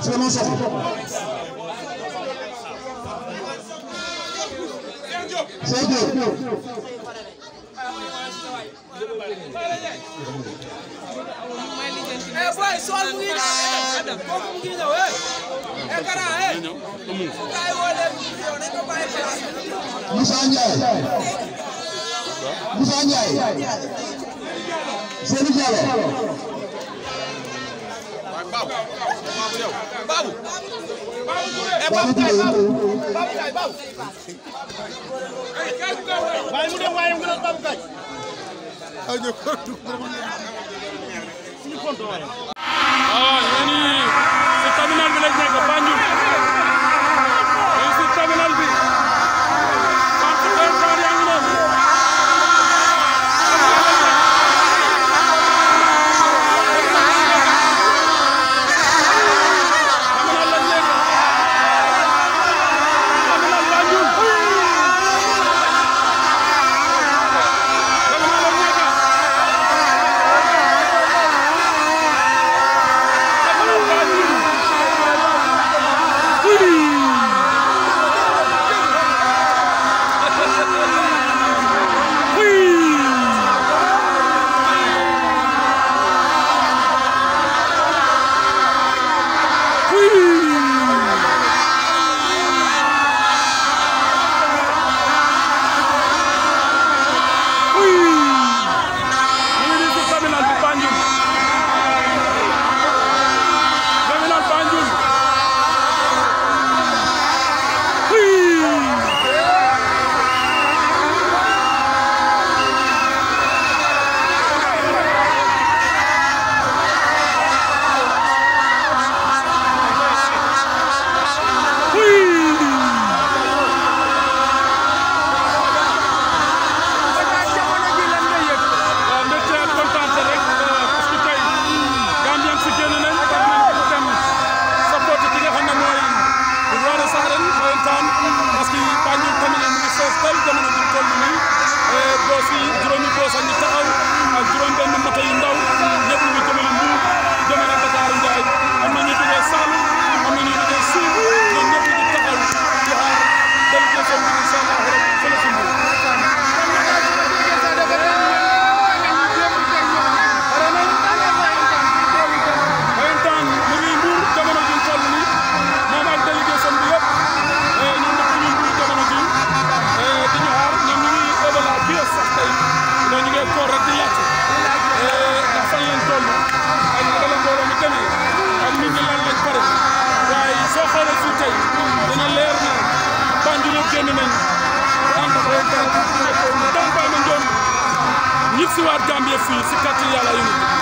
Souleymane Sofo Cheikh Diop Eh boy sool mu ngi ñëw kooku mu ngi ñëw eh eh kara eh kay wole yow ne ko bàyyi Moussa Ndiaye Moussa Ndiaye Seydou Diallo baabu baabu yow baabu eh baabu kay baabu baabu kay baabu waaye mu dem waaye mu dem baabu kay ayo ko tu ko ni benn moto yu ndaw ñëpp ñu jëmale Mbuur jëmale Dakar Njaay am na ñu jógee Saalum am na ñu jógee Siin ñoom ñëpp ñu taxaw di xaar délégation bi incha allah rek fële si Mbuur Corre, te ndax fan lañ toll ak naka la mbooloo mi demee ak nit ñi lan pare waaye soo xoolee fii tey dina leer na Banjul yëpp génn nañ ànd ak ay gàllankoor ñu dem ba amee ñoom ñëpp fii si kàttan yàlla yu